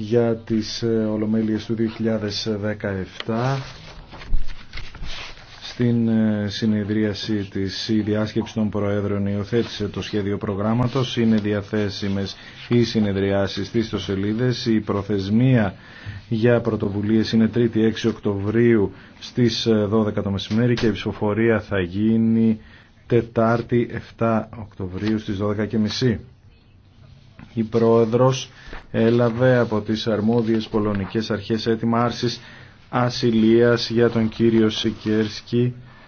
για τις ε, Ολομέλειες του 2017 στην ε, συνεδρίαση της η διάσκεψη των Προέδρων υιοθέτησε το σχέδιο προγράμματος είναι διαθέσιμες οι συνεδριάσεις στις ιστοσελίδες η προθεσμία για πρωτοβουλίες είναι 3η 6 Οκτωβρίου στις 12 ε, το μεσημέρι και η ψηφοφορία θα γίνει Τετάρτη 7 Οκτωβρίου στις 12.30 η πρόεδρος έλαβε από τις αρμόδιες πολωνικές αρχές έτοιμα άρσης ασυλίας για τον κύριο Σικέρσκι